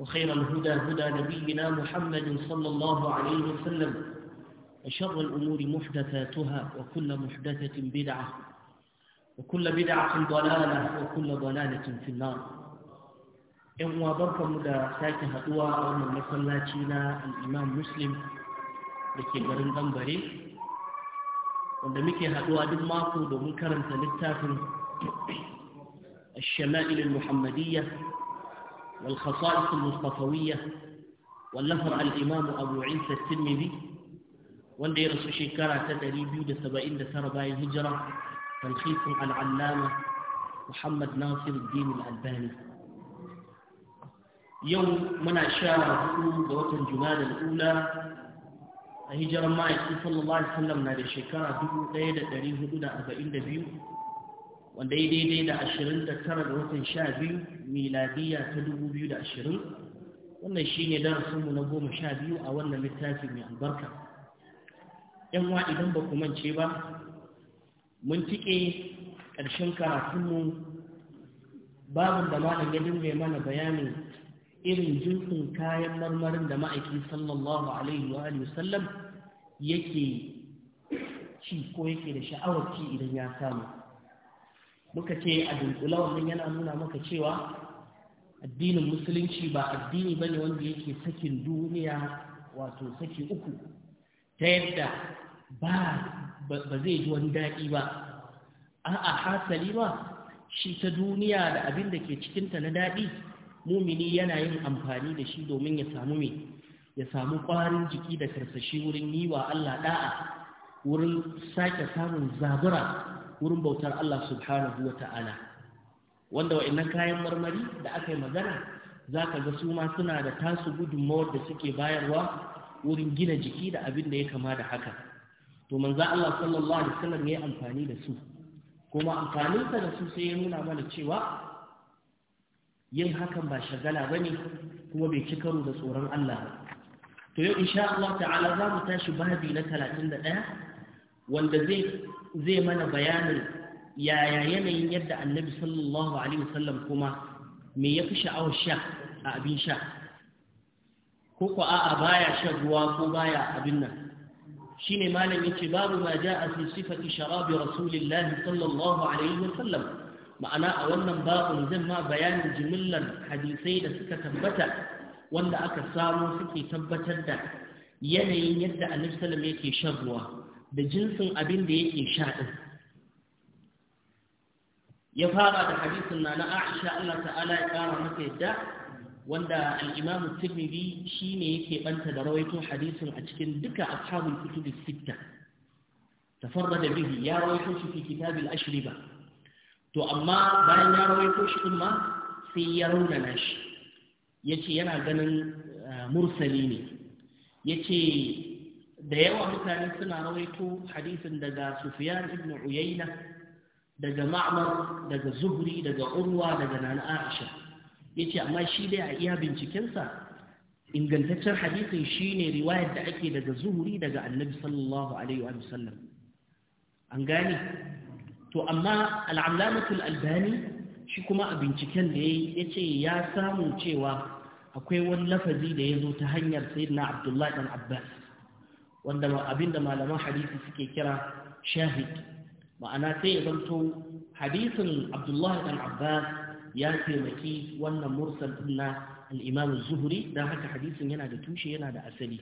وخير الهدى هدى نبينا محمد صلى الله عليه وسلم وشر الأمور محدثاتها وكل محدثة بدعة وكل بدعة ضلالة وكل ضلالة في النار إن وبرك مدى ساكها دواء من مسلاتنا الإمام مسلم لكي برن دنبري wanda muke haɗuwa duk mako الشمائل المحمدية والخصائص المصطفوية واللفر الإمام أبو عيسى الترمذي wanda ya rasu shekara ta 279 bayan hijira talhisin al'allama Muhammad Nasir Din al'albani yau muna sha hudu ga watan juna da al'ula a hijirar ma'aikin sallallahu Alaihi wasallam na da shekara 1442 wanda ya daidai da ashirin da tara da watan sha biyu miladiya ta dubu biyu da ashirin wannan shi ne darasinmu na goma sha biyu a wannan littafi mai albarka Yan yanwa idan ba ku mance ba mun tike ƙarshen karatunmu babin da malam ya dinga mana bayanin irin jinsin kayan marmarin da ma'aiki sallallahu alaihi wa sallam yake ci ko yake da sha'awar ci idan ya samu muka ce a dunkula wannan yana nuna maka cewa addinin musulunci ba addini bane wanda yake sakin duniya wato saki uku ta yadda ba ba zai ji wani daɗi ba a'a hasali ba shi ta duniya da abin da ke cikinta na daɗi mumini yana yin amfani da shi domin ya samu me ya samu ƙwarin jiki da karsashi wurin yi wa Allah da'a wurin sake samun zabura wurin bautar Allah subhanahu wa ta'ala wanda wa'annan kayan marmari da aka yi magana za ka ga su ma suna da tasu gudunmawar da suke bayarwa wurin gina jiki da abin da ya kama da haka to manzo Allah sallallahu alaihi wasallam ya yi amfani da su kuma amfaninsa da su sai ya nuna mana cewa yin hakan ba shagala ba ne kuma bai ci karo da tsoron Allah ba to yau insha Allah ta'ala za mu tashi babi na talatin da ɗaya wanda zai zai mana bayanin yaya yanayin yadda annabi sallallahu alaihi wasallam kuma me ya fi sha'awar sha a abin sha ko ko a'a baya shan ruwa ko baya abin nan shine malam yace babu ma ja'a fi sifati sharabi rasulillahi sallallahu alaihi wasallam ma'ana a wannan babun zan ma bayanin jimillar hadisai da suka tabbata wanda aka samu suke tabbatar da yanayin yadda annabi sallallahu alaihi wasallam yake shan ruwa da jinsin abin da yake sha ɗin ya fara da hadisin na na aisha Allah ta'ala ya ƙara masa yadda wanda al'imamu tirmidhi shi ne yake ɓanta da rawaito hadisin a cikin duka ashabul kutubi sitta tafarrada bihi ya rawaito shi fi kitabil ashriba to amma bayan ya rawaito shi din ma sai ya raunana shi yace yana ganin eh, mursali ne yace da yawa mutane suna rawaito hadisin daga Sufyan ibn Uyayna daga Ma'mar daga Zuhri daga Urwa daga Nana Aisha yace amma shi dai a iya bincikensa ingantaccen hadisin shine riwayar da ake daga Zuhri daga Annabi sallallahu alaihi wa sallam an gane to amma al al Albani shi kuma a binciken da yayi yace ya samu cewa akwai wani lafazi da ya zo ta hanyar Sayyidina Abdullah dan Abbas wanda abinda malaman hadisi suke kira shahid ma'ana sai ya zanto hadisin abdullahi dan abbas ya taimaki wannan mursal din na al-imam zuhri dan haka hadisin yana da tushe yana da asali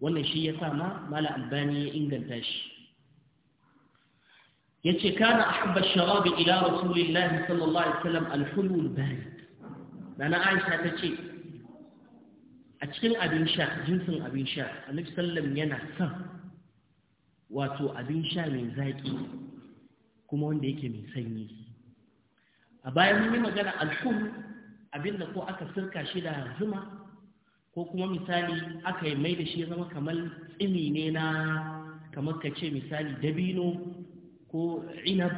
wannan shi yasa ma mala albani ya inganta shi yace kana ahabba ash-sharab ila rasulillahi sallallahu alaihi wasallam al-hulw barid dana aisha tace a cikin abin sha jinsin abin sha annabi sallam yana son wato abin sha mai zaƙi kuma wanda yake mai sanyi a bayan mun yi magana alhum abin da ko aka sirka shi da zuma ko kuma misali aka yi mai da shi zama kamar tsimi ne na kamar ka ce misali dabino ko inab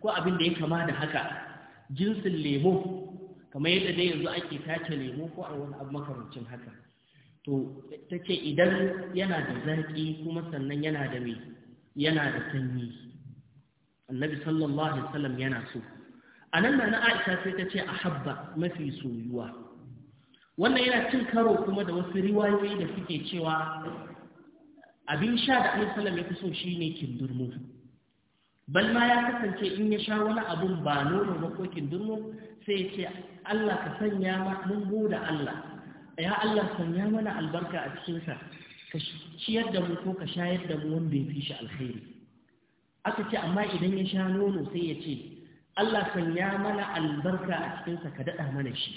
ko abin da ya kama da haka jinsin lemo kamar yadda dai yanzu ake tace lemo ko a wani abu makamancin haka to ta ce idan yana da zaƙi kuma sannan yana da mai yana da sanyi annabi sallallahu alaihi wasallam yana so a nan na aisha sai ta ce a habba mafi soyuwa wannan yana cin karo kuma da wasu riwayoyi da suke cewa abin sha da annabi wasallam ya fi so shine kindurmo bal ma ya kasance in ya sha wani abun ba nono ba ko kindurmo sai ya ce Allah ka sanya mun da Allah ya Allah sanya mana albarka a cikinsa ka ciyar da mu ko ka shayar da mu wanda ya fi shi alkhairi aka ce amma idan ya sha nono sai ya ce Allah sanya mana albarka a cikinsa ka daɗa mana shi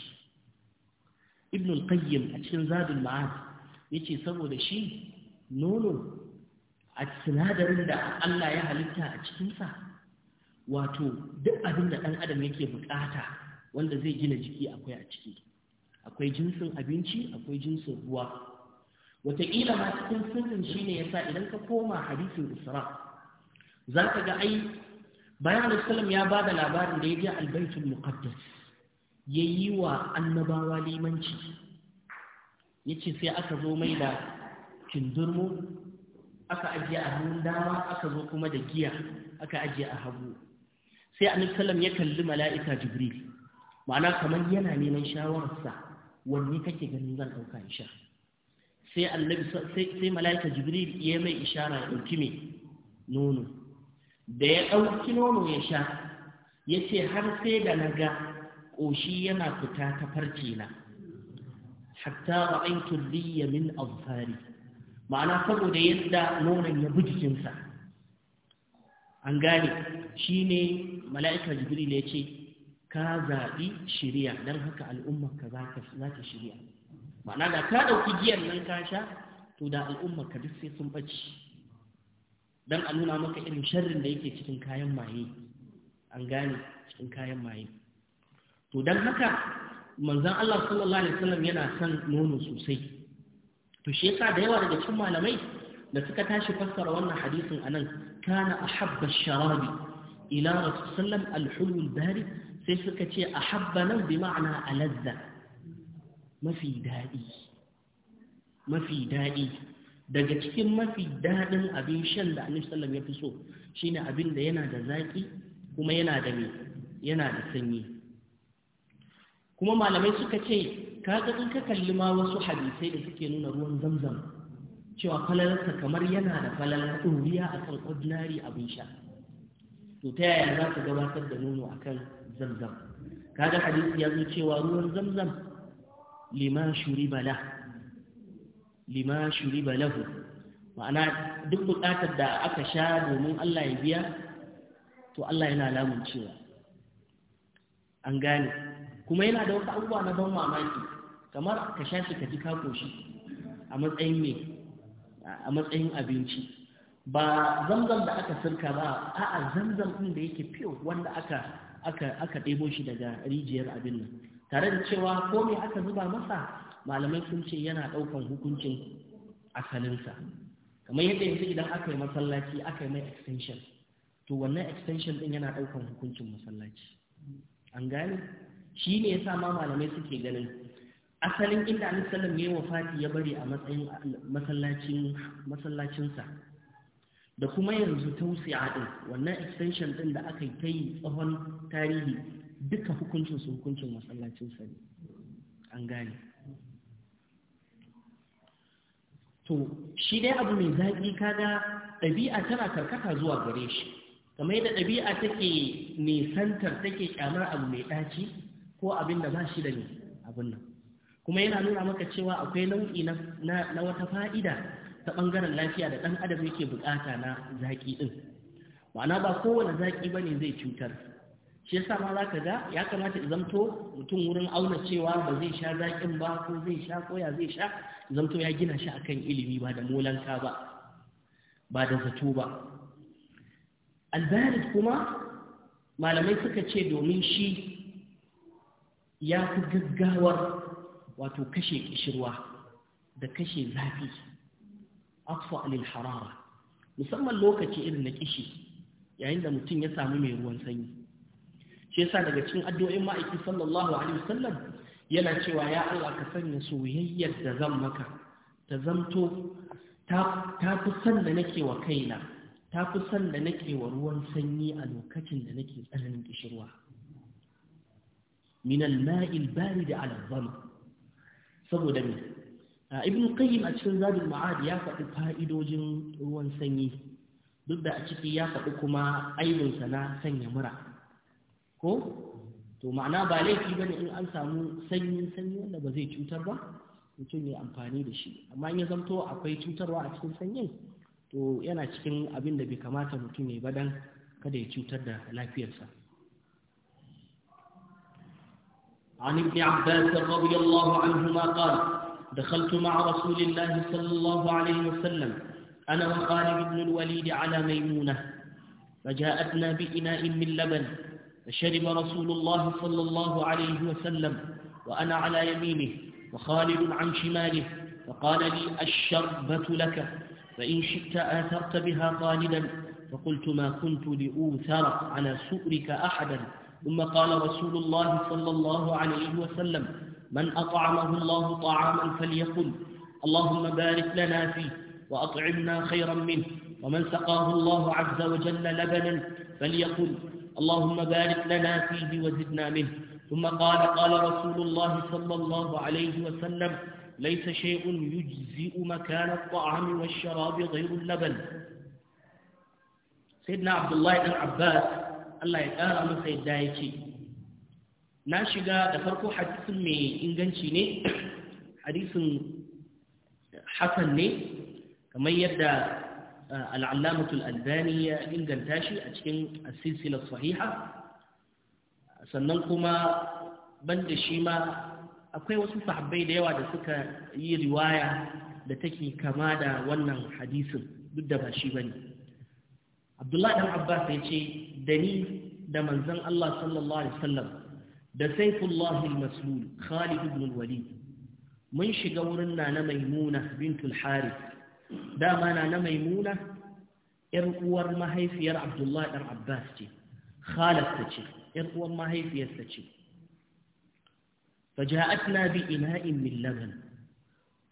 ibn al-qayyim a cikin zadul ma'ad yace saboda shi nono a sinadarin da Allah ya halitta a cikinsa wato duk abin da ɗan adam yake bukata wanda zai gina jiki akwai a ciki akwai jinsin abinci akwai jinsin ruwa wataƙila ma cikin sirrin shi ne ya sa idan ka koma hadisin isra za ka ga ai bayan alisalam ya ba da labarin da ya je albaitul muqaddas ya yi wa annabawa limanci ya ce sai aka zo mai da kindurmo aka ajiye a hannun dama aka zo kuma da giya aka ajiye a hagu sai alisalam ya kalli mala'ika jibril ma'ana kamar yana neman shawararsa wanne kake ganin zan ɗauka in sha sai annabi sai mala'ika jibril ya mai ishara ya ɗauki me nono da ya ɗauki nono ya sha ya ce har sai da na ga ƙoshi yana fita ta farce na hatta ra'aytu liya min azfari ma'ana saboda yadda nonon ya bi jikinsa an gane shine mala'ika jibril ya ce ka zaɓi shirya don haka al'ummarka za ta shirya ma'ana da ka ɗauki giyan nan ka sha to da al'ummarka duk sai sun ɓaci don a nuna maka irin sharrin da yake cikin kayan maye an gane cikin kayan maye to don haka manzan Allah sallallahu alaihi wasallam yana son nono sosai to shi yasa da yawa daga cikin malamai da suka tashi fassara wannan hadisin anan kana habbar sharabi ila rasul sallam al-hulul barid sai suka ce a habba nan bi ma'ana alazza mafi daɗi mafi daɗi daga cikin mafi daɗin abin shan da annabi sallam ya fi so shine abin da yana da zaƙi kuma yana da me yana da sanyi kuma malamai suka ce ka ga in ka kalli ma wasu hadisai da suke nuna ruwan zamzam cewa falalarsa kamar yana da falalar ɗoriya akan ordinary abin sha to ta yaya za ka gabatar da nono akan zamzam ga hadisi ya zo cewa ruwan zamzam lima shuriba la lima shuriba lahu ma'ana duk buƙatar da aka sha domin Allah ya biya to Allah yana lamun cewa an gane kuma yana da wata abubuwa na ban mamaki kamar ka sha shi ka ji ka koshi a matsayin me a matsayin abinci ba zamzam da aka sirka ba a'a zamzam din da yake fiyo wanda aka aka aka ɗebo shi daga rijiyar abin nan tare da cewa ko me aka zuba masa malamai sun ce yana ɗaukan hukuncin asalinsa kamar yadda yanzu idan aka yi masallaci aka yi mai extension to wannan extension ɗin yana ɗaukan hukuncin masallaci an gane shi ne yasa ma malamai suke ganin asalin inda alisalam ya yi wa ya ya bari a matsayin masallacin masallacinsa da kuma yanzu ta wuce din wannan extension ɗin da aka yi ta yi tsawon tarihi duka hukuncin su hukuncin masallacin sani ne an gane to shi dai abu mai zaƙi kaga ɗabi'a tana karkata zuwa gare shi kamar yadda ɗabi'a take nisantar take kyamar abu mai ɗaci ko abin da ba shi da ne abin nan kuma yana nuna maka cewa akwai nau'i na wata fa'ida ta ɓangaren lafiya da ɗan adam yake buƙata na zaƙi ɗin ma'ana ba kowane zaƙi ba ne zai cutar shi yasa ma za ka ga ya kamata zamto mutum wurin auna cewa ba zai sha zaƙin ba ko zai sha koya zai sha zamto ya gina shi akan ilimi ba da molanka ba ba da zato ba albarit kuma malamai suka ce domin shi ya fi gaggawar wato kashe kishirwa da kashe zafi atfa lil harara musamman lokaci irin na kishi yayin da mutum ya samu mai ruwan sanyi shi yasa daga cikin addu'o'in ma'aiki sallallahu alaihi wasallam yana cewa ya Allah ka sanya soyayyar da zan maka ta zamto ta da nake wa kaina ta fi da nake wa ruwan sanyi a lokacin da nake tsananin kishirwa min al-ma'il barid ala dhama saboda me ibn qayyim a cikin zadul ma'ad ya faɗi fa'idojin ruwan sanyi duk da a ciki ya faɗi kuma aibinsa na sanya mura ko to ma'ana ba laifi bane in an samu sanyin sanyi wanda ba zai cutar ba mutum ya amfani da shi amma in ya zamto akwai cutarwa a cikin sanyin to yana cikin abin da bai kamata mutum ya badan kada ya cutar da lafiyarsa عن ابن عباس رضي الله عنهما قال دخلت مع رسول الله صلى الله عليه وسلم أنا وخالد بن الوليد على ميمونة فجاءتنا بإناء من لبن فشرب رسول الله صلى الله عليه وسلم وأنا على يمينه وخالد عن شماله فقال لي الشربة لك فإن شئت آثرت بها خالدا فقلت ما كنت لأوثر على سؤرك أحدا ثم قال رسول الله صلى الله عليه وسلم من أطعمه الله طعاما فليقل اللهم بارك لنا فيه وأطعمنا خيرا منه ومن سقاه الله عز وجل لبنا فليقل اللهم بارك لنا فيه وزدنا منه ثم قال قال رسول الله صلى الله عليه وسلم ليس شيء يجزئ مكان الطعام والشراب غير اللبن سيدنا عبد الله بن عباس الله يتعالى من سيدنا دايكي na shiga da farko hadisin mai inganci ne hadisin hasan ne kamar yadda al'allamatul albani ya inganta shi a cikin asisilar sahiha sannan kuma banda shi ma akwai wasu sahabbai da yawa da suka yi riwaya da take kama da wannan hadisin duk da ba shi ba ne abdullahi ɗan abbas ya ce da ni da manzan allah sallallahu alaihi wasallam da saifullahi al-maslul Khalid ibn walid mun shiga wurin nana Maimuna bintul Harith dama nana Maimuna yar uwar mahaifiyar Abdullah dan Abbas ce khalasta ce yar uwar mahaifiyarsa ce faja'atna bi ina'in min laban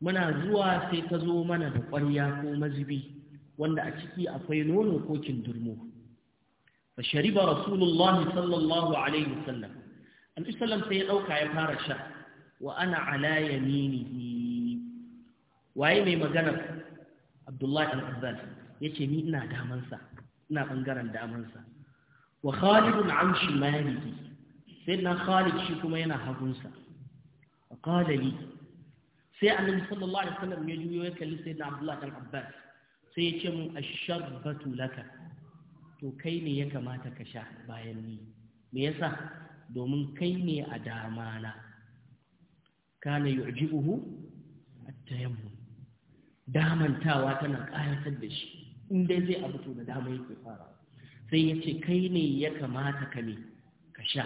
muna zuwa sai ta zo mana da ƙwarya ko mazubi wanda a ciki akwai nono ko kindurmo fa shariba rasulullahi sallallahu alaihi wasallam annabi sallam sai ya ɗauka ya fara sha wa ana ala yaminihi waye mai magana abdullahi al-azzal yace ni ina daman sa ina ɓangaren daman sa wa khalid an shimalihi sai na khalid shi kuma yana hagun sa qala sai annabi sallallahu alaihi wasallam ya juyo ya kalli sai na abdullahi al sai ya ce mun ashabatu laka to kai ne ya kamata ka sha bayan ni me yasa domin kai ne a dama na kana yu'jibuhu at-tayammum damantawa tana ƙayatar da shi inda zai abu to da dama yake fara sai ya ce kai ne ya kamata ka ne ka sha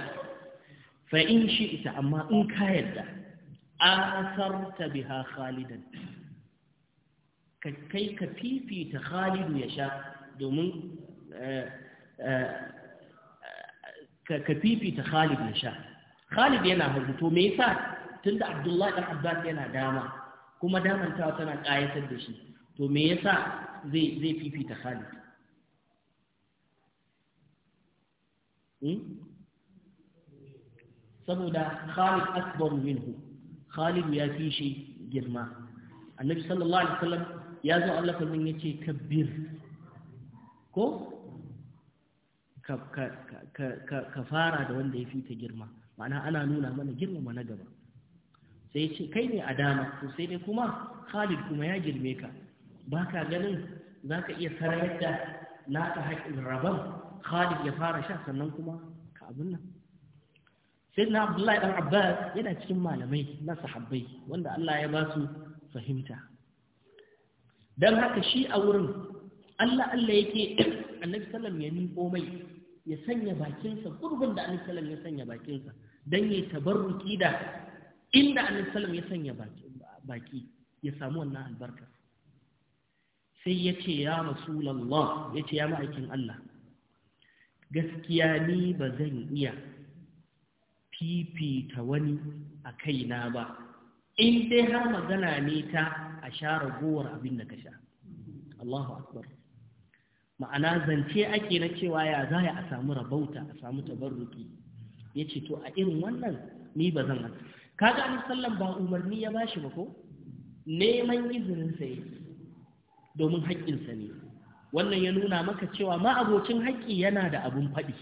fa shi ita amma in ka yarda asarta biha khalidan kai ka fifita khalidu ya sha domin eh, eh, ka fifita Khalid ya sha Khalid yana hagu to me yasa tunda Abdullahi dan Abbas yana dama kuma damantawa tana kayatar da shi to me yasa zai zai fifita Khalid saboda Khalid akbar minhu Khalid ya fi shi girma Annabi sallallahu alaihi wasallam ya zo Allah kullun yace kabbir ko ka fara da wanda ya fi ka girma ma'ana ana nuna mana girmama na gaba sai ce kai ne a dama to sai dai kuma khalid kuma ya girme ka ba ka ganin za ka iya sarayar da ka haƙin rabar khalid ya fara sha sannan kuma ka abin nan sai na abdullahi ɗan abbas yana cikin malamai na sahabbai wanda allah ya ba su fahimta don haka shi a wurin allah allah yake annabi sallam ya miƙo mai ya sanya bakinsa gurbin da annabi sallam ya sanya bakinsa dan ya tabarruki da inda annabi sallam ya sanya baki ya samu wannan albarka sai ya ce ya rasulallah ya ce ya ma'aikin Allah gaskiya ni ba zan iya fifita wani a kaina ba in dai har magana ne ta a share gowar abin da ka sha Allahu akbar ma'ana zance ake na cewa ya za a samu rabauta a samu tabarruki ya ce to a irin wannan ni ba zan haka kaga an sallan ba umarni ya bashi ba ko neman izininsa yake domin haƙƙinsa ne wannan ya nuna maka cewa ma'abocin haƙƙi yana da abun faɗi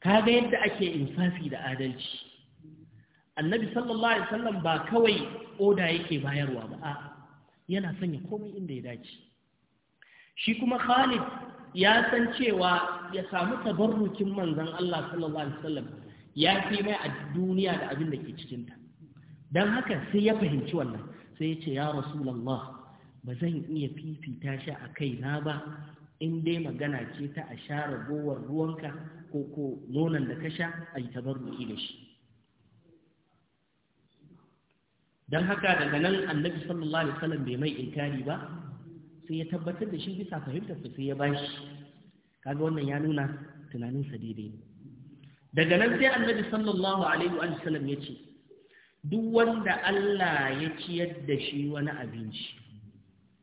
kaga yadda ake infafi da adalci annabi sallallahu alaihi wasallam ba kawai oda yake bayarwa ba a yana sanya komai inda ya dace shi kuma Khalid ya san cewa ya samu tabarrukin manzon Allah sallallahu alaihi wasallam ya fi mai a duniya da abin da ke ta dan haka sai ya fahimci wannan sai ya ce ya rasulullah ba zan iya fifita shi a kai na ba in dai magana ce ta a share gowar ruwanka ko ko nonon da ka sha a yi tabarruki da shi dan haka daga nan annabi sallallahu alaihi wasallam bai mai inkari ba sai ya tabbatar da shi bisa fahimtar sai ya bashi kaga wannan ya nuna tunaninsa daidai daga nan sai annabi sallallahu alaihi wa sallam ya ce duk wanda Allah ya ciyar da shi wani abinci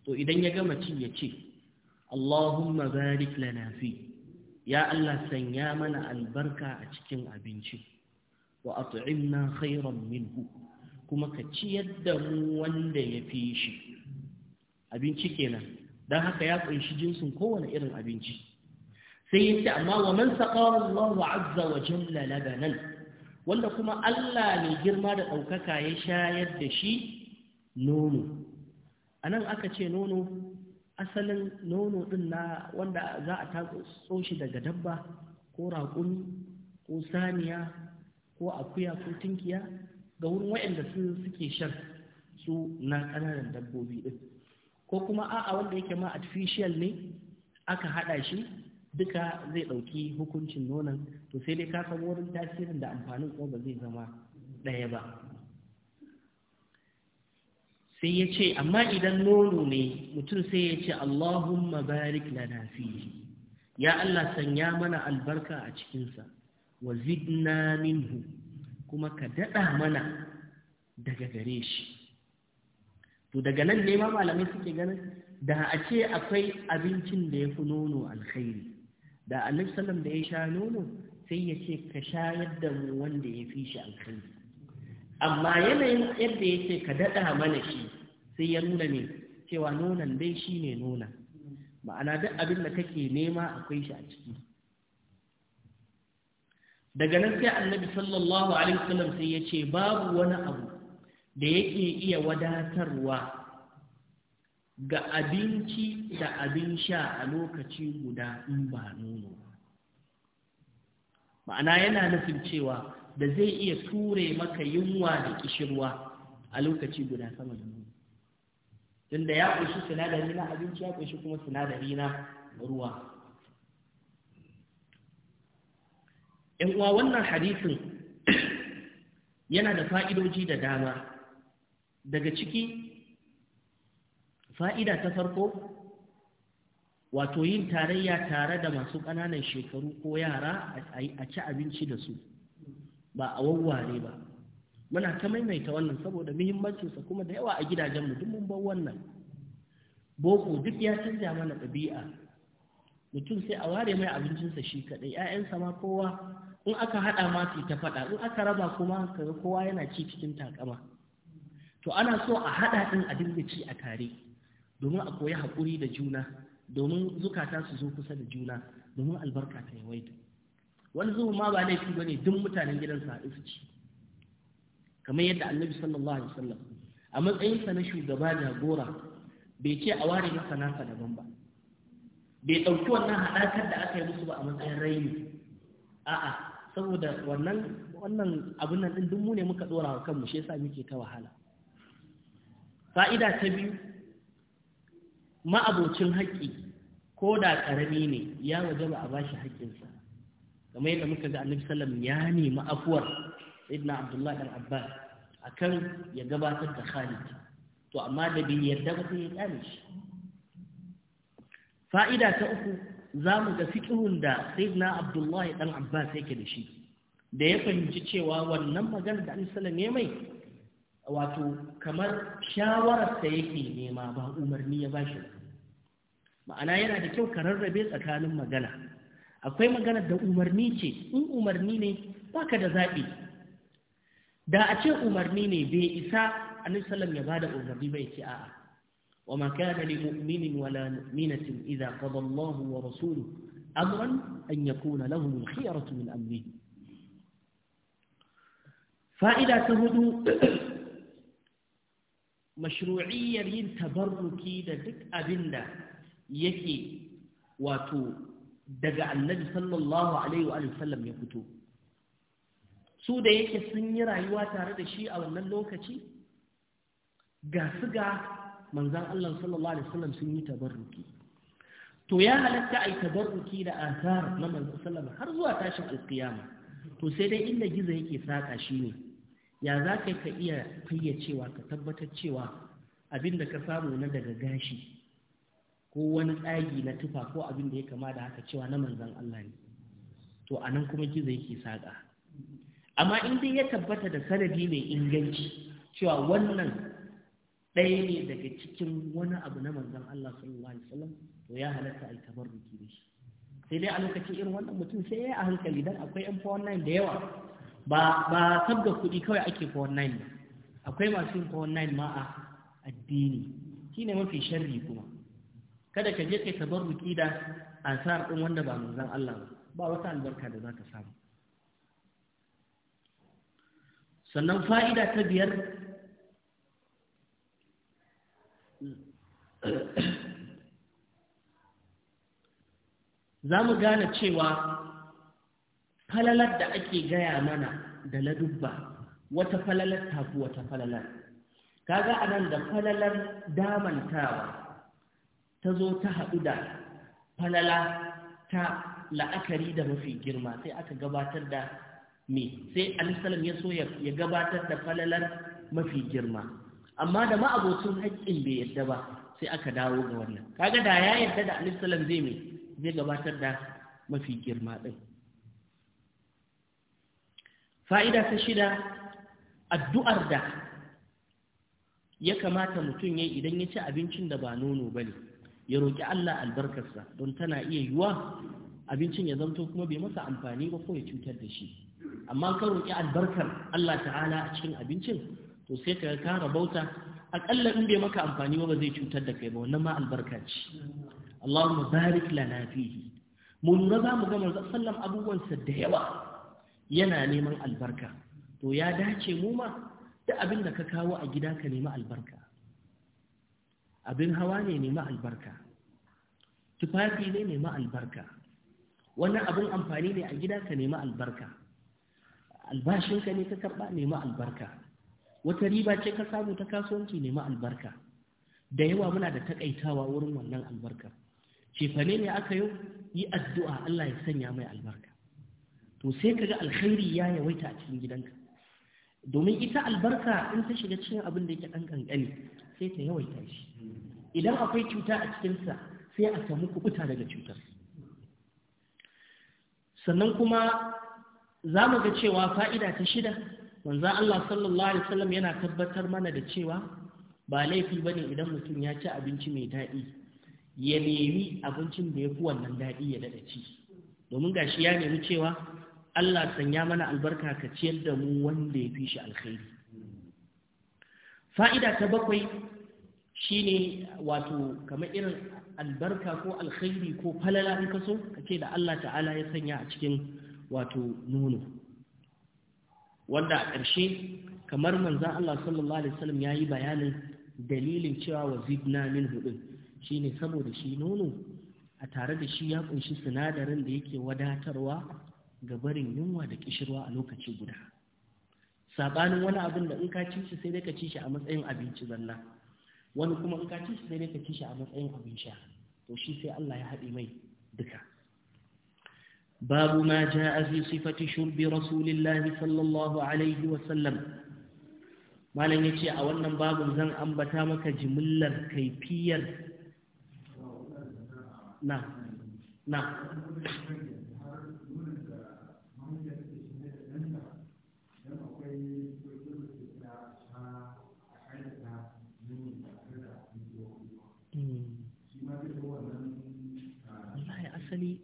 to idan ya gama ci ya ce Allahumma barik lana fi ya Allah sanya mana albarka a cikin abinci wa at'imna khairan minhu kuma ka ciyar da mu wanda ya fi shi abinci kenan don haka ya kunshi jinsin kowane irin abinci sai ya ce amma wa man saqahu Allahu azza wa jalla labanan wanda kuma Allah mai girma da ɗaukaka ya shayar da shi nono anan aka ce nono asalin nono din na wanda za a taso shi daga dabba ko raƙumi ko saniya ko akuya ko tinkiya ga wurin waɗanda suke shan su na ƙananan dabbobi ɗin ko kuma a'a wanda yake ma artificial ne aka haɗa shi duka zai ɗauki hukuncin nonon to sai dai ka san wurin tasirin da amfanin ko ba zai zama ɗaya ba sai ya ce amma idan nono ne mutum sai ya ce Allahumma barik lana fihi ya Allah sanya mana albarka a cikinsa wa zidna minhu kuma ka dada mana daga gare shi to daga nan ne ma malamai suke ganin da a ce akwai abincin da ya fi nono alkhairi da annabi sallam da ya sha nono sai ya ce ka sha yadda mu wanda ya fi shi alkhairi amma yanayin yadda ya ce ka daɗa mana shi sai ya nuna ne cewa nonon dai shi ne nona. ma'ana duk abin da kake nema akwai shi a ciki daga nan sai annabi sallallahu alaihi wasallam sai ya ce babu wani abu da yake iya wadatarwa ga abinci da abin sha a lokaci guda in ba nono ma'ana yana nufin cewa da zai iya ture maka yunwa da kishirwa a lokaci guda sama da nono tunda ya ƙunshi sinadari na abinci ya ƙunshi kuma sinadari na ruwa uwa wannan hadisin yana da fa'idoji da dama daga ciki fa'ida ta farko wato yin tarayya tare da masu ƙananan shekaru ko yara a ci abinci da su ba a wawware ba muna ta maimaita wannan saboda muhimmancinsa kuma da yawa a gidajenmu duk mun bar wannan boko duk ya canja mana ɗabi'a mutum sai a ware mai abincinsa shi kaɗai 'ya'yansa ma kowa in aka haɗa ma su ta faɗa in aka raba kuma kaga kowa yana ci cikin takama to ana so a haɗa ɗin a dinga ci a tare domin a koyi haƙuri da juna domin zukata su zo kusa da juna domin albarka ta yawaita wani zuwa ma ba laifi ba ne duk mutanen gidansa a su ci kamar yadda annabi sallallahu alaihi wasallam a matsayinsa na shugaba jagora bai ce a ware masa nasa daban ba bai ɗauki wannan haɗakar da aka yi musu ba a matsayin raini a'a saboda wannan wannan abin nan ɗin duk mu ne muka ɗora wa kanmu shi yasa muke ta wahala fa'ida ta biyu ma'abocin haƙƙi ko da ƙarami ne ya waje ba a ba shi haƙƙinsa kamar yadda muka ga annabi sallam ya nemi afuwar sayyidina abdullahi dan abbas akan ya gabatar da khalid to amma da bai yarda ba sai ya kare shi fa'ida ta uku za mu ga fiqhun da sayyidina abdullahi dan abbas yake da shi da ya fahimci cewa wannan magana da annabi sallam ya mai wato kamar shawararsa yake nema ba umarni ya bashi ma'ana yana da kyau ka rarrabe tsakanin magana akwai magana da umarni ce in umarni ne baka da zaɓi da a ce umarni ne bai isa annisalam ya bada umarni bai ce a'a wa ma kana li mu'minin wala mu'minatin idza qada Allahu wa rasuluhu amran an yakuna lahum khiyaratu min amrihim fa'ida ta hudu mashru'iyyar yin tabarruki da duk abinda yake wato daga annabi sallallahu alaihi wa sallam ya fito su da yake sun yi rayuwa tare da shi a wannan lokaci ga su ga manzan Allah sallallahu alaihi wa sun yi tabarruki to ya halatta a yi tabarruki da azhar na manzan sallallahu har zuwa tashin alkiyama to sai dai inda gizo yake saka shi ne ya za ka ka iya fayyacewa ka tabbatar cewa abin da ka samu na daga gashi ko wani tsagi na tufa ko abin da ya kama da haka cewa na manzan Allah ne to a nan kuma gizo yake saƙa amma in dai ya tabbata da sanadi mai inganci cewa wannan ɗaya ne daga cikin wani abu na manzan Allah sallallahu alaihi wasallam to ya halatta a yi tabarruki da shi sai dai a lokacin irin wannan mutum sai ya yi a hankali dan akwai yan fa da yawa ba ba sabga kuɗi kawai ake 419 ba akwai masu 419 ma a addini shine mafi sharri kuma kada ka je kai tabarruki da ansar din wanda ba manzon Allah ba ba wata albarka da zaka samu sannan fa'ida ta biyar za mu gane cewa falalar da ake gaya mana da ladubba wata falalar tafi wata falalar kaga anan da falalar damantawa ta zo ta haɗu da falala ta la'akari da mafi girma sai aka gabatar da me sai alisalam ya so ya gabatar da falalar mafi girma amma da ma'abocin haƙƙin bai yadda ba sai aka dawo ga wannan kaga da ya yadda da alisalam zai me zai gabatar da mafi girma ɗin fa'ida ta shida addu'ar da ya kamata mutum ya idan ya ci abincin da ba nono ba ne ya roƙi Allah albarkarsa don tana iya yiwuwa abincin ya zamto kuma bai masa amfani ba ko ya cutar da shi amma ka roƙi albarkar Allah ta'ala a cikin abincin to sai ka ka bauta aƙalla in bai maka amfani ba zai cutar da kai ba wannan ma albarka ce Allahumma barik lana fihi mu lura za mu ga manzo sallam abubuwansa da yawa yana neman albarka to ya dace mu ma da abin da ka kawo a gida ka nemi albarka abin hawa ne nemi albarka tufafi ne nemi albarka wannan abin amfani ne a gida ka nemi albarka albashinka ne ka karɓa nemi albarka wata riba ce ka samu ta kasuwanci nemi albarka da yawa muna da takaitawa wurin wannan albarka cefane ne aka yi addu'a Allah ya sanya mai albarka to sai kaga alkhairi ya yawaita a cikin gidanka domin ita albarka in ta shiga cikin abin da yake dan kankani sai ta yawaita shi idan akwai cuta a cikinsa sai a samu kubuta daga cutar sannan kuma za mu ga cewa fa'ida ta shida wanzan Allah sallallahu Alaihi wasallam yana tabbatar mana da cewa ba laifi ba ne idan mutum ya ci abinci mai daɗi ya nemi abincin da ya fi wannan daɗi ya daɗa ci domin gashi ya nemi cewa Allah sanya mana albarka ka ciyar da mu wanda ya fi shi alkhairi fa'ida ta bakwai shine wato kamar irin albarka ko alkhairi ko falala in kaso kake da Allah ta'ala ya sanya a cikin wato nono wanda a ƙarshe kamar manzan Allah sallallahu alaihi wasallam yayi bayanin dalilin cewa wa zidna min hudun shine saboda shi nono a tare da shi ya kunshi sinadarin da yake wadatarwa ga barin yunwa da kishirwa a lokaci guda sabanin wani abin da in ka ci shi sai dai ka ci shi a matsayin abinci zalla wani kuma in ka ci shi sai dai ka ci shi a matsayin abin sha to shi sai Allah ya haɗe mai duka babu ma jaa fi sifati shurbi rasulillahi sallallahu alaihi wa sallam malam yace a wannan babun zan ambata maka jimillar kaifiyar na na asali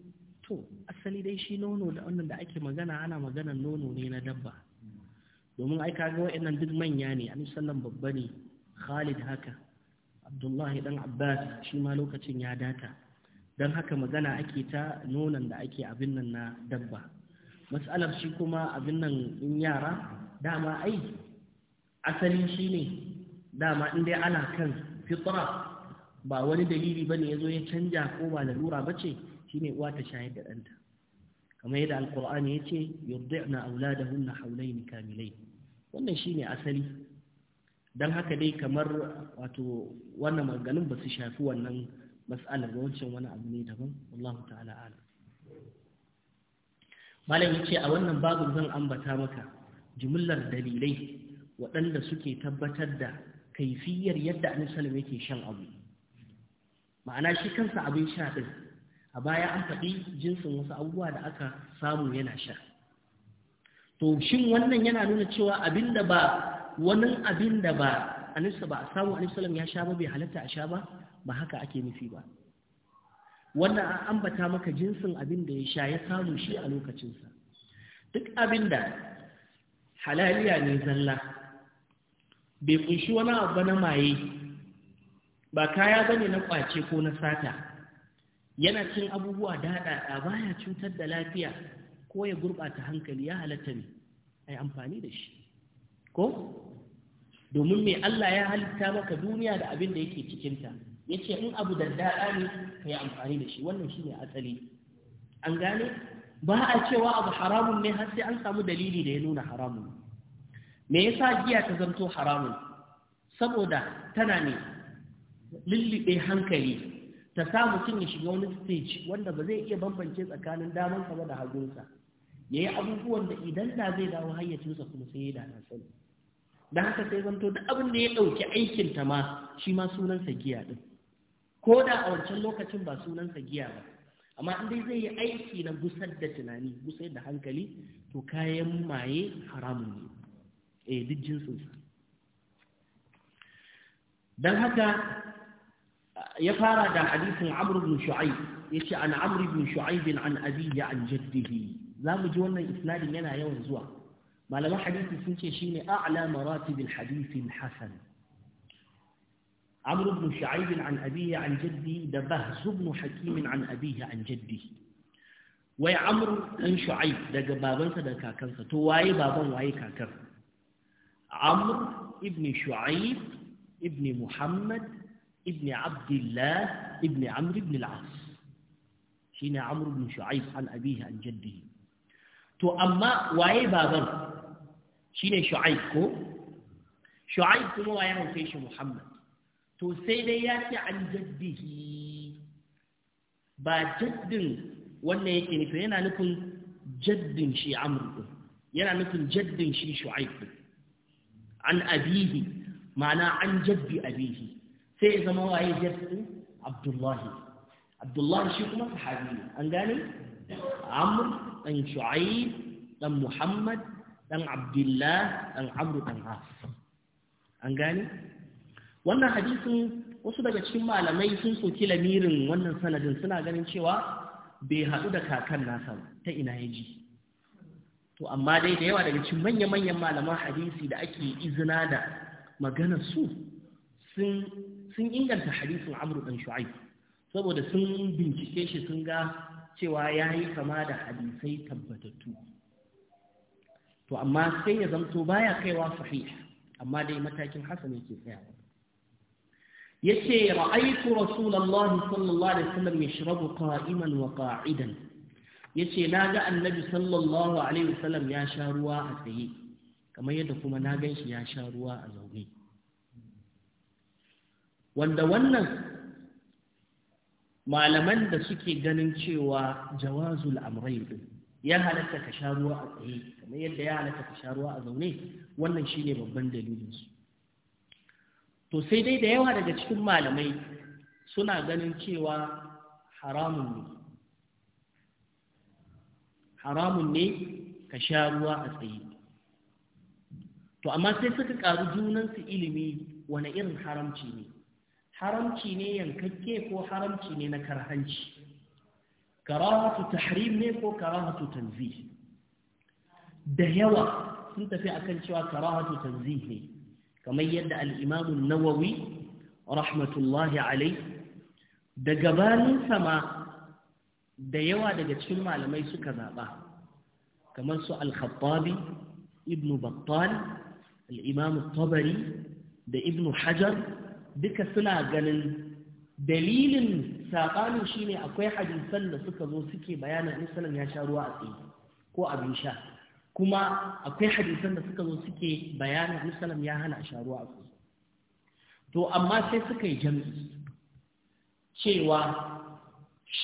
to asali dai shi nono da wannan da ake magana ana maganar nono ne na dabba domin ai kaga wa'annan duk manya ne annabi sallan babba ne Khalid haka Abdullahi dan Abbas shi ma lokacin ya data dan haka magana ake ta nonon da ake abin nan na dabba mas'alar shi kuma abin nan in yara dama ai asali shine dama in dai ana kan fitra ba wani dalili bane yazo ya canja ko ba lalura bace shine uwa ta shayar da ɗanta kamar yadda alkur'ani ya ce yurdi'na auladahunna haulaini kamilai wannan shine asali don haka dai kamar wato wannan maganin ba su shafi wannan mas'alar ba wancan wani abu ne daban wallahu ta'ala ala malam ya ce a wannan babu zan ambata maka jimillar dalilai waɗanda suke tabbatar da kaifiyar yadda annabi sallallahu alaihi yake shan abu ma'ana shi kansa abin sha din a baya an faɗi jinsin wasu abubuwa da aka samu yana sha to shin wannan yana nuna cewa abinda ba wani abinda ba anisa ba a samu anisalam ya sha ba bai halatta a sha ba ba haka ake nufi ba wannan an ambata maka jinsin abin da ya sha ya samu shi a lokacinsa duk abin da halaliya ne zalla bai kunshi wani abu na maye ba kaya bane na kwace ko na sata yana cin abubuwa daɗaɗa baya cutar da lafiya ko ya gurɓata hankali ya halatta ne a yi amfani da shi ko domin mai Allah ya halitta maka duniya da abin da yake cikinta ya ce in abu da daɗa ne ka yi amfani da shi wannan shi ne asali an gane ba a cewa abu haramun ne har sai an samu dalili da ya nuna haramun me yasa giya ta zanto haramun saboda tana ne lullube hankali ta sa mutum ya shiga wani stage wanda ba zai iya bambance tsakanin damar sama da hagunsa ya yi abubuwan da idan da zai dawo hayyacinsa kuma sai ya da na sani da haka sai zanto duk abin da ya ɗauki aikin ta ma shi ma sunansa giya ɗin ko da a wancan lokacin ba sunansa giya ba amma in dai zai yi aiki na gusar da tunani gusar da hankali to kayan maye haramun ne eh duk jinsinsa don haka يا يفارى دا حديث عمرو بن شعيب يشي عن عمرو بن شعيب عن أبيه عن جده لا مجونا إسناد منا يوم زوا ما لما حديث سنتي شيني أعلى مراتب الحديث الحسن عمرو بن شعيب عن أبيه عن جده دبه بن حكيم عن أبيه عن جده ويا عمرو بن شعيب دق بابن سدك كنسة تواي بابن واي كنسة عمرو بن شعيب ابن محمد ابن عبد الله ابن عمرو بن العاص شيني عمرو بن شعيب عن أبيه عن جده تو أما واي بابر شيني شعيب كو شعيب كو واي هنسيش محمد تو سيدي ياتي عن جده با جد وانا يكي فينا نكون جد شي عمرو yana nufin jaddin جد شي شعيب عن أبيه معنى عن جد أبيه sai ya zama waye jaddin abdullahi abdullahi shi kuma sahabi an gane Amur, dan shu'aib dan muhammad dan abdullah dan Amru, dan as an gane wannan hadisin wasu daga cikin malamai sun soki lamirin wannan sanadin suna ganin cewa bai haɗu da kakan nasa ta ina ya ji to amma dai da yawa daga cikin manya-manyan malaman hadisi da ake izina da maganar su sun sun inganta hadisin amru ɗan shu'aib saboda sun bincike shi sun ga cewa ya yi kama da hadisai tabbatattu to amma sai ya zamto baya kaiwa sahih amma dai matakin hasan yake tsayawa yace ra'aytu rasulullahi sallallahu alaihi wasallam yashrabu qa'iman wa qa'idan yace naga annabi sallallahu alaihi wasallam ya sha ruwa a tsaye kamar yadda kuma na ganshi ya sha ruwa a zaune wanda wannan malaman da suke ganin cewa jawazul amrayn din ya halatta ka sha ruwa a tsaye kamar yadda ya halatta ka sha ruwa a zaune wannan shine babban dalilin su to sai dai da yawa daga cikin malamai suna ganin cewa haramun ne haramun ne ka sha ruwa a tsaye to amma sai suka ƙaru junansu ilimi wane irin haramci ne haramci ne yankakke ko haramci ne na karhanci karahatu tahrim ne ko karahatu tanzih da yawa sun tafi akan cewa karahatu tanzih ne kamar yadda al-Imam an-Nawawi rahmatullahi alayh da gabanin sama da yawa daga cikin malamai suka zaba kamar su al-Khattabi ibn Battal al-Imam at-Tabari da ibn Hajar duka suna ganin dalilin saɓanin shi ne akwai hadisan da suka zo suke bayanin musulun ya sha ruwa a tsaye ko abin sha kuma akwai hadisan da suka zo suke bayanin musulun ya hana sha ruwa a tsaye to amma sai suka yi jami cewa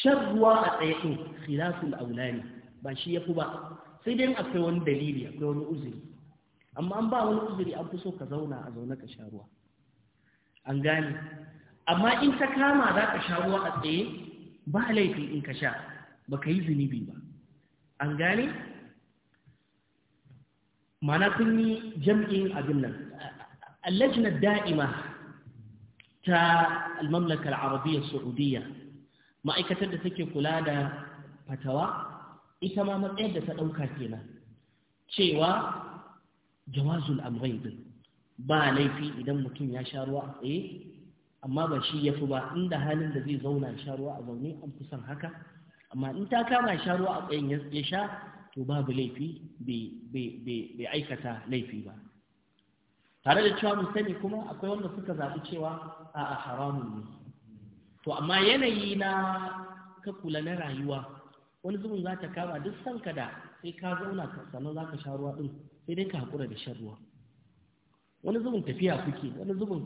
shan ruwa a tsaye ɗin khilafin aula ne ba shi ya fi ba sai dai akwai wani dalili akwai wani uzuri amma an ba wani uzuri an fi so ka zauna a zaune ka sha ruwa an gane amma in ta kama za ka sha ruwa a tsaye ba laifi in ka sha ba ka yi zunubi ba an gane mana kun yi jam'in abin nan allajinar da'ima ta almamlakar arabiyyar saudiya ma'aikatar da take kula da fatawa ita ma matsayar da ta ɗauka kenan cewa jawazul din. ba laifi idan mutum ya sha ruwa a tsaye amma ba shi ya fi ba inda halin da zai zauna sha ruwa a zaune an fi son haka amma in ta kama sha ruwa a tsayin ya sha to babu laifi bai aikata laifi ba tare da cewa musani sani kuma akwai wanda suka zaɓi cewa a a haramun ne to amma yanayi na ka kula na rayuwa wani zubin za ta kama duk sanka da sai ka zauna sannan za ka sha ruwa ɗin sai dai ka haƙura da shan ruwa wani zubin tafiya kuke wani zubin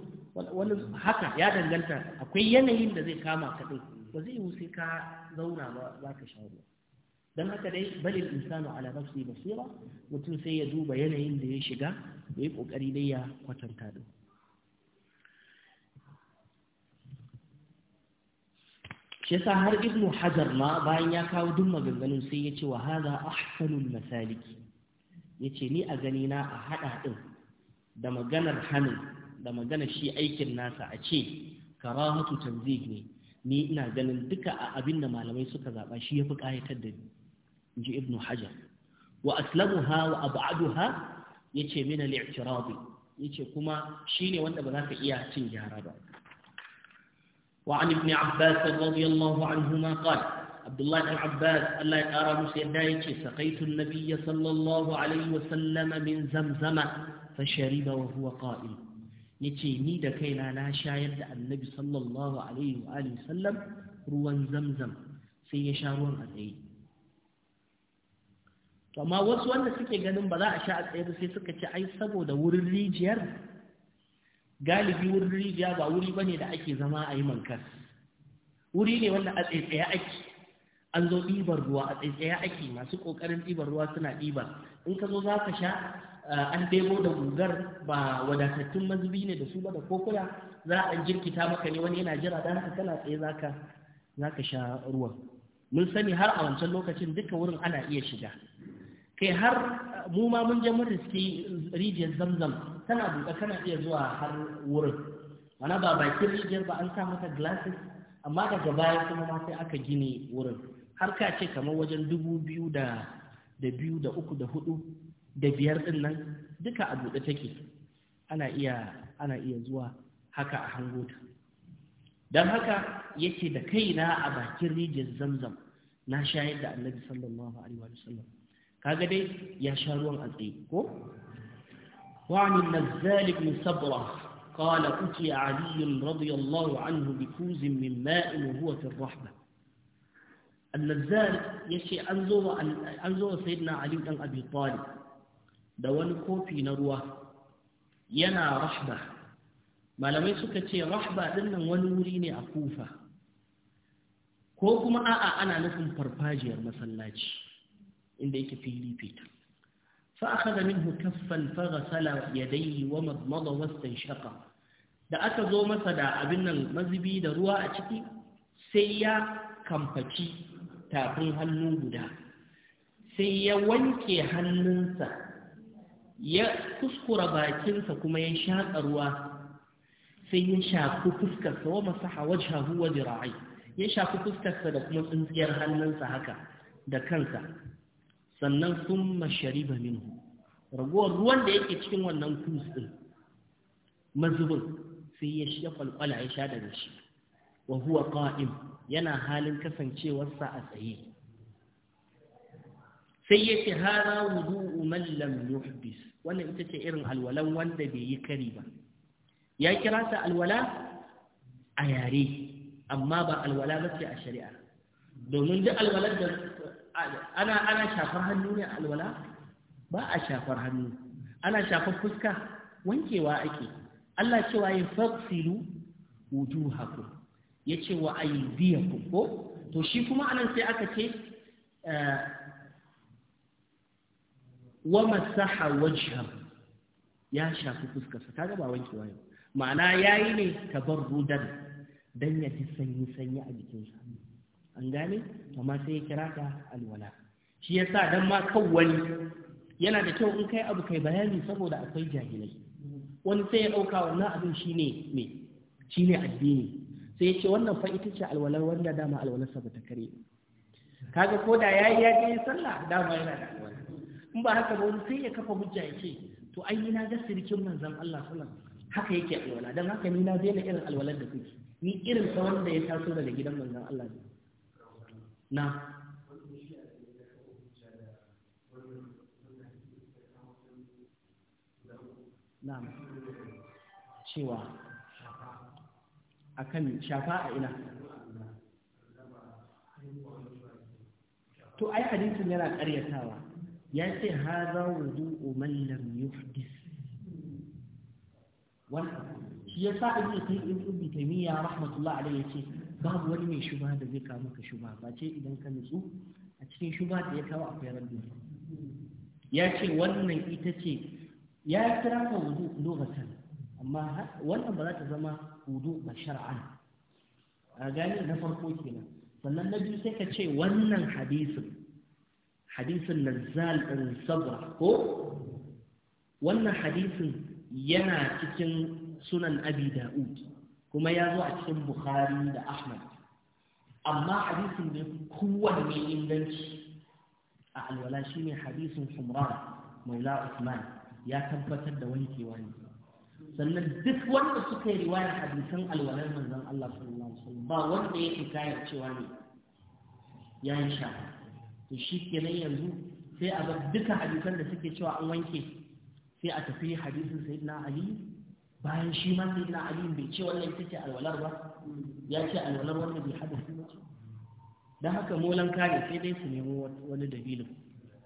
wani haka ya danganta akwai yanayin da zai kama ka ba zai yi sai ka zauna ba za ka sha ruwa don haka dai balil insanu ala nafsi basira mutum sai ya duba yanayin da ya shiga ya yi ƙoƙari dai ya kwatanta da shi yasa har ibnu hajar ma bayan ya kawo duk maganganun sai ya ce wa hada ahsanul masaliki ce ni a gani na a haɗa din da maganar hanin da maganar shi aikin nasa a ce karahatu tanzih ne ni ina ganin duka a abin da malamai suka zaɓa shi ya fi ƙayatar da ni ji ibnu hajar wa ha wa abu'aduha ya ce min al ya ce kuma shi ne wanda ba za ka iya cin gyara ba وعن ابن عباس رضي الله عنهما قال عبد الله بن عباس الله يقرأ مسيدايك سقيت النبي sallallahu alaihi wa sallama min zamzama. فشرب وهو قائم yace ni da kaina na shayar da annabi sallallahu alaihi wa alihi sallam ruwan zamzam sai ya sha ruwan a tsaye to amma wasu wanda suke ganin ba za a sha a tsaye ba sai suka ce ai saboda wurin rijiyar galibi wurin rijiya ba wuri bane da ake zama a yi mankar wuri ne wanda a tsaye ake an zo ɗibar ruwa a tsaye ake masu ƙoƙarin ɗibar ruwa suna ɗiba in ka zo za ka sha Eh, an debo da gugar ba wadatattun mazubi ne da su ba da kokuna za a jirkita maka ne wani yana jira dan haka kana tsaye zaka zaka sha ruwa mun sani har a wancan lokacin duka wurin ana iya shiga kai har eh, mu ma mun je mun riski rijiyar zamzam tana buɗe kana iya zuwa har wurin Wani ba bakin rijiyar ba an sa mata glasses amma daga baya kuma ma sai aka gini wurin har ka ce kamar wajen dubu biyu da da biyu da uku da hudu da biyar ɗin nan duka a buɗe take ana iya ana iya zuwa haka a hango ta don haka yake da kaina a bakin rijiyar zamzam na shayar da annabi sallallahu alaihi wa sallam kaga dai ya sha ruwan a tsaye ko وعن النزال بن صبرة قال أتي علي رضي الله عنه بكوز من ماء وهو في الرحبة النزال يشي أنزل, أنزل سيدنا علي بن أبي طالب da wani kofi na ruwa yana rahba malamai suka ce rahba dinnan wani wuri ne a kufa ko kuma a'a ana nufin farfajiyar masallaci inda yake fili fita فأخذ منه ya dai يديه ومضمض واستنشق da aka zo masa da abin nan mazubi da ruwa a ciki sai ya kamfaci tafin hannu guda sai ya wanke hannunsa ya kuskura bakinsa kuma ya shaƙa ruwa sai ya shafi fuskarsa wa masaha wajhahu wa dira'ai ya shafi fuskarsa da kuma tsintsiyar hannunsa haka da kansa sannan summa shariba minhu ragowar ruwan da yake cikin wannan kus din mazubin sai ya shi kwalkwala ya sha daga shi wa huwa qa'im yana halin kasancewarsa a tsaye sai ya ce hada wudu man lam yuhdis wannan ita ce irin alwalan wanda bai yi kari ba ya kira ta alwala a yare amma ba alwala ba ce a shari'a domin duk alwalar da ana ana shafar hannu ne alwala ba a shafar hannu ana shafar fuska wankewa ake Allah cewa ya faksilu Ya ce wa aydiyakum ko to shi kuma anan sai aka ce eh, wa masaha wajha ya shafi fuskarsa kaga ba wanki wayo ma'ana yayi ne tabarrudan dan ya ji sanyi sanyi a jikinsa an gane amma sai ya kira ta alwala shi yasa dan ma wani yana da kyau in kai abu kai bayani saboda akwai jahilai wani sai ya dauka wannan abin shine me shine addini sai ya ce wannan fa ita ce alwalar wanda dama alwalarsa ba ta kare kaga koda yayi ya je sallah dama yana da alwala in ba haka ba wani sai ya kafa hujja ya ce to ai ni na ga sirkin manzon Allah sallallahu alaihi haka yake alwala dan haka ni na daina irin alwalar da kuke ni irin sa wanda ya taso daga gidan manzon Allah ne na na cewa akan shafa a ina to ai hadisin yana karyatawa ya ce haza wudu man lam yuhdis wannan shi ya sa ibn tayyib ibn taymiya rahmatullah alayhi yace babu wani mai shuba da zai kawo maka shuba ba ce idan ka nutsu a cikin shuba da ya kawo akwai rabbi ya ce wannan ita ce ya kira ka wudu lokacin amma wannan ba za ta zama wudu ba shar'an a gani na farko kenan sannan na biyu sai ka ce wannan hadisin hadisin nazzal ɗin sabra ko wannan hadisin yana cikin sunan abi da'ud kuma ya zo a cikin bukhari da ahmad amma hadisin ne kowanne inganci a alwala shi ne hadisin humran maula usman ya tabbatar da wankewa ne sannan duk wanda suka yi riwayar hadisan alwalar manzon Allah sallallahu alaihi wasallam ba wanda ya fi kayar cewa ne ya yi shafa to shi kenan yanzu sai a ga duka hadisan da suke cewa an wanke sai a tafi hadisin sayyidina ali bayan shi ma sayyidina ali bai ce wannan ita ce alwalar ba ya ce alwalar wannan bai hadisi ba dan haka molan kare sai dai su nemo wani dalilin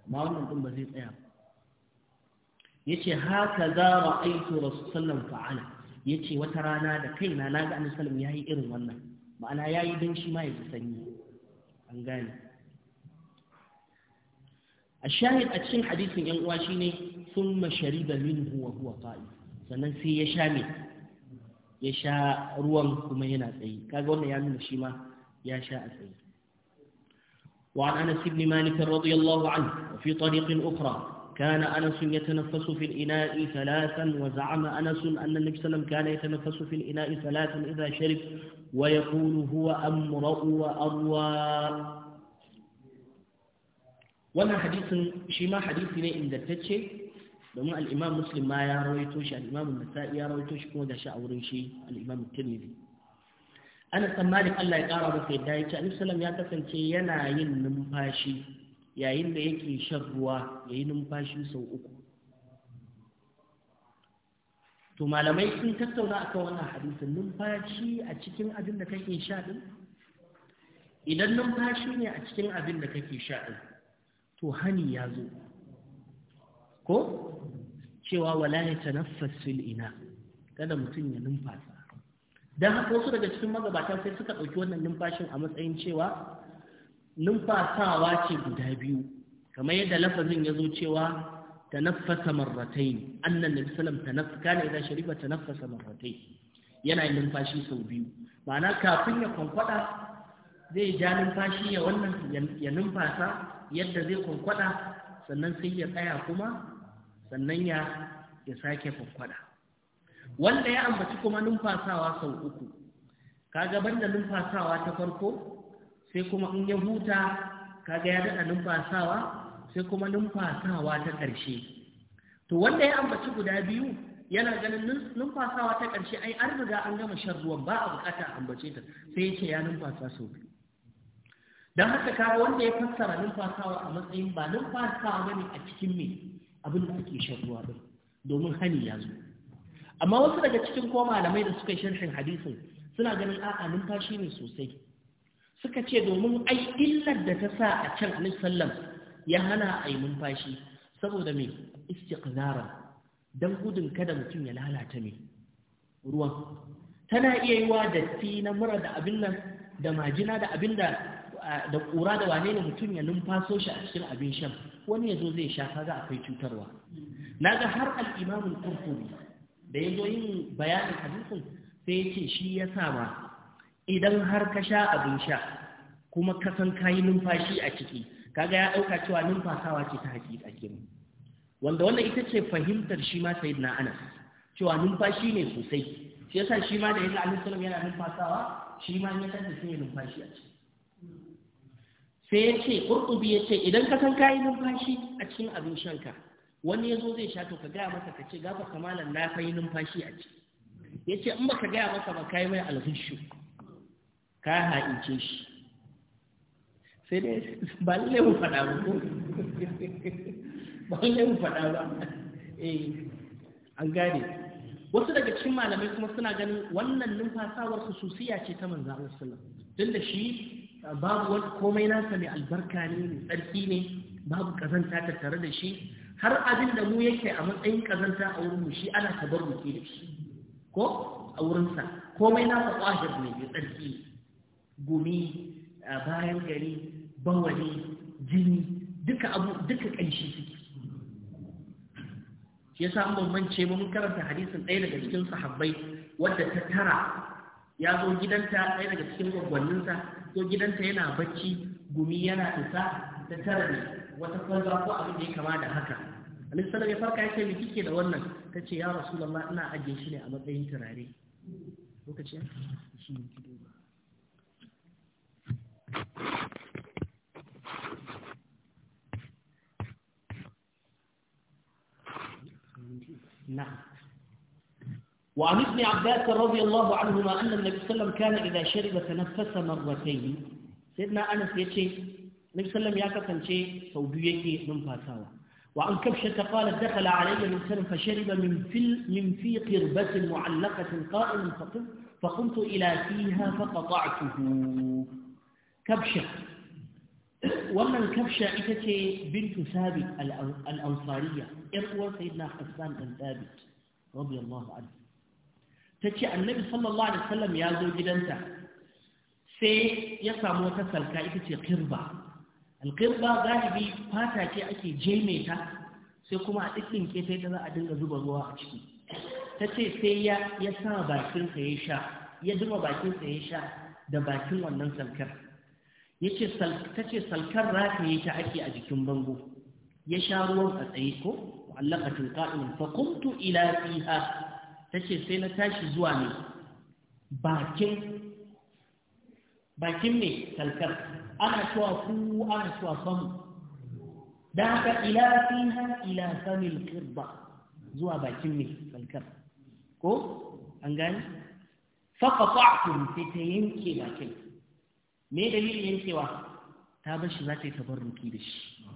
ma wannan din ba zai tsaya yace haka za ra'aytu rasulullah fa'ala yace wata rana da kaina naga annabi sallallahu alaihi wasallam yayi irin wannan ma'ana yayi dan shi ma ya sanyi an gane الشاهد أتشين حديث من ينقواشيني ثم شرب منه وهو قائم sannan sai ya sha me ya sha ruwan kuma من tsaye يشاء wannan وعن أنس بن مالك رضي الله عنه وفي طريق أخرى كان أنس يتنفس في الإناء ثلاثا وزعم أنس أن النبي صلى الله عليه وسلم كان يتنفس في الإناء ثلاثا إذا شرب ويقول هو أمرأ وأروى wannan hadisin shi ma hadisi ne ingantacce domin al'imam muslim ma ya rawaito shi al'imam nasa'i ya rawaito shi kuma shi a wurin shi al'imam tirmidhi ana tsammanin Allah ya ƙara masa yadda ya ce alisalam ya kasance yana yin numfashi yayin da yake shan ruwa ya yi numfashi sau uku to malamai sun tattauna akan wannan hadisin numfashi a cikin abin da kake sha din idan numfashi ne a cikin abin da kake sha din to hani ya zo ko cewa wala ya tanaffas fil ina kada mutum ya numfasa dan haka wasu daga cikin magabata sai suka ɗauki wannan numfashin a matsayin cewa numfasawa ce guda biyu kamar yadda lafazin ya zo cewa tanaffasa marratai annan nabi sallam ya kana idan sharifa tanaffasa marratai yana yin numfashi sau biyu ma'ana kafin ya kwankwada zai ja numfashi ya wannan ya numfasa yadda zai kwankwaɗa, sannan sai ya tsaya kuma sannan ya ya sake kwankwada wanda ya ambaci kuma numfasawa sau uku kaga banda numfasawa ta farko sai kuma in ya huta kaga ya daɗa numfasawa sai kuma numfasawa ta ƙarshe to wanda ya ambaci guda biyu yana ganin numfasawa ta ƙarshe ai an riga an gama shan ruwan ba a bukata ambace ta sai ya ce ya numfasa sau biyu don haka kaga wanda ya fassara numfasawa a matsayin ba numfasawa bane a cikin me abin da ake shan ruwa din domin hani ya zo amma wasu daga cikin ko malamai da suka yi sharhin hadisin suna ganin a'a numfashi ne sosai suka ce domin ai illar da ta sa a can alaihi sallam ya hana a yi numfashi saboda mai me istiqzara dan gudun kada mutum ya lalata me ruwan tana iya yi wa datti na mura da abin nan da majina da abin da da ƙura da wane ne mutum ya numfaso shi a cikin abin shan wani ya zo zai shafa za akwai cutarwa na ga har al'imamin kurkuri da ya zo yin bayanin hadisin sai ya ce shi ya sama idan har ka sha abin sha kuma ka san ka yi numfashi a ciki kaga ya ɗauka cewa numfasawa ce ta haƙiƙa wanda wannan ita ce fahimtar shi ma sayid na anas cewa numfashi ne sosai shi yasa shi ma da ya ga yana numfasawa shi ma ya tafi sai numfashi a ciki sai ya ce ƙurɗubi ya ce idan ka san kayi numfashi a cikin abin shanka wani ya zo zai sha to ka gaya masa ka ce gafa kamalan na kai numfashi a ciki ya ce in ka gaya masa ba kayi mai alhushu ka ha'ince shi sai dai ba lallai mu faɗa ba ko ba lallai mu faɗa ba eh an gane wasu daga cikin malamai kuma suna ganin wannan numfasawar su khususiya ce ta manzo Allah sallallahu alaihi wasallam tunda shi babu wani komai nasa mai albarka ne mai tsarki ne babu kazanta tattare da shi har abin da mu yake a matsayin kazanta a wurin mu shi ana tabarruke da shi ko a wurinsa komai nasa ƙwahir ne mai tsarki gumi bayan gari bawali jini duka abu duka ƙanshi suke shi yasa an bambance ba mun karanta hadisin ɗaya daga cikin sahabbai wadda ta tara ya zo gidanta ɗaya daga cikin gwaggwanninsa zo gidanta yana bacci gumi yana isa ta tara ne wata kwanza ko abin da ya kama da haka alaihi ya farka ya ce mai kike da wannan ta ce ya rasu rasulullah ina ajiye shi ne a matsayin turare lokaci shi na وعن ابن عباس رضي الله عنهما أن النبي صلى الله عليه وسلم كان إذا شرب تنفس مرتين سيدنا أنس يتشي النبي صلى الله عليه وسلم يكفن سوديك من فاتاوى وعن كبشة قال دخل علي النبي صلى فشرب من في, من في قربة معلقة قائم فقمت, فقمت إلى فيها فقطعته كبشة ومن كبشة إتتي بنت ثابت الأنصارية al'ansariya سيدنا حسان بن ثابت رضي الله عنه ta ce annabi sallallahu alaihi wasallam ya zo gidanta sai ya samu wata salka ita ce kirba alkirba galibi fata ce ake jeme ta sai kuma a cikin ke ta za a dinga zuba ruwa a ciki ta ce sai ya sa bakinsa ya sha ya ya sha da bakin wannan salkar ta ce salkar rataye ta ake a jikin bango ya sha ruwan a tsaye ko wallaka tulka'in fa kuntu ila fiha ta ce sai na tashi zuwa ne bakin bakin mai kalkar ana cewa ku ana cewa famu da haka ila fiha ila samil kirba zuwa bakin mai kalkar ko an gani faƙaƙa'atun sai ta yanke bakin me dalilin yankewa ta bar shi za ta yi tabarruki da shi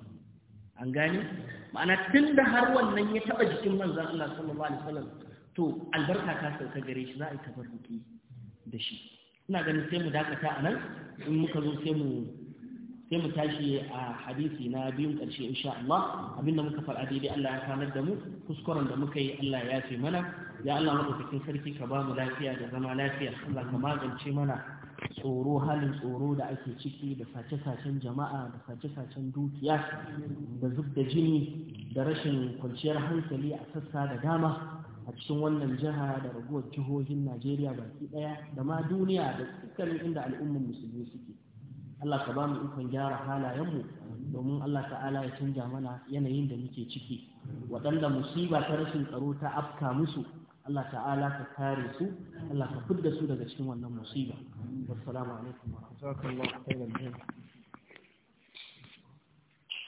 an gani ma'ana tun da har wannan ya taɓa jikin manzan Allah sallallahu alaihi wasallam to albarka ta sauka gare shi za a yi tabarruki da shi ina ganin sai mu dakata a nan in muka zo sai mu mu tashi a hadisi na biyun ƙarshe insha Allah abinda muka faɗa daidai Allah ya sanar da mu kuskuren da muka yi Allah ya ce mana ya Allah madaukakin sarki ka ba mu lafiya da zama lafiya Allah ka magance mana tsoro halin tsoro da ake ciki da sace-sacen jama'a da sace-sacen dukiya da zub da jini da rashin kwanciyar hankali a sassa da dama a cikin wannan jiha da raguwar jihohin Najeriya baki ɗaya da ma duniya da dukkanin inda al'ummar musulmi suke. Allah ka ba mu ikon gyara halayenmu domin Allah ta'ala ya canja mana yanayin da muke ciki waɗanda musiba ta rashin tsaro ta afka musu Allah ta'ala ka kare su Allah ka fidda su daga cikin wannan musiba wassalamu alaikum wa rahmatullahi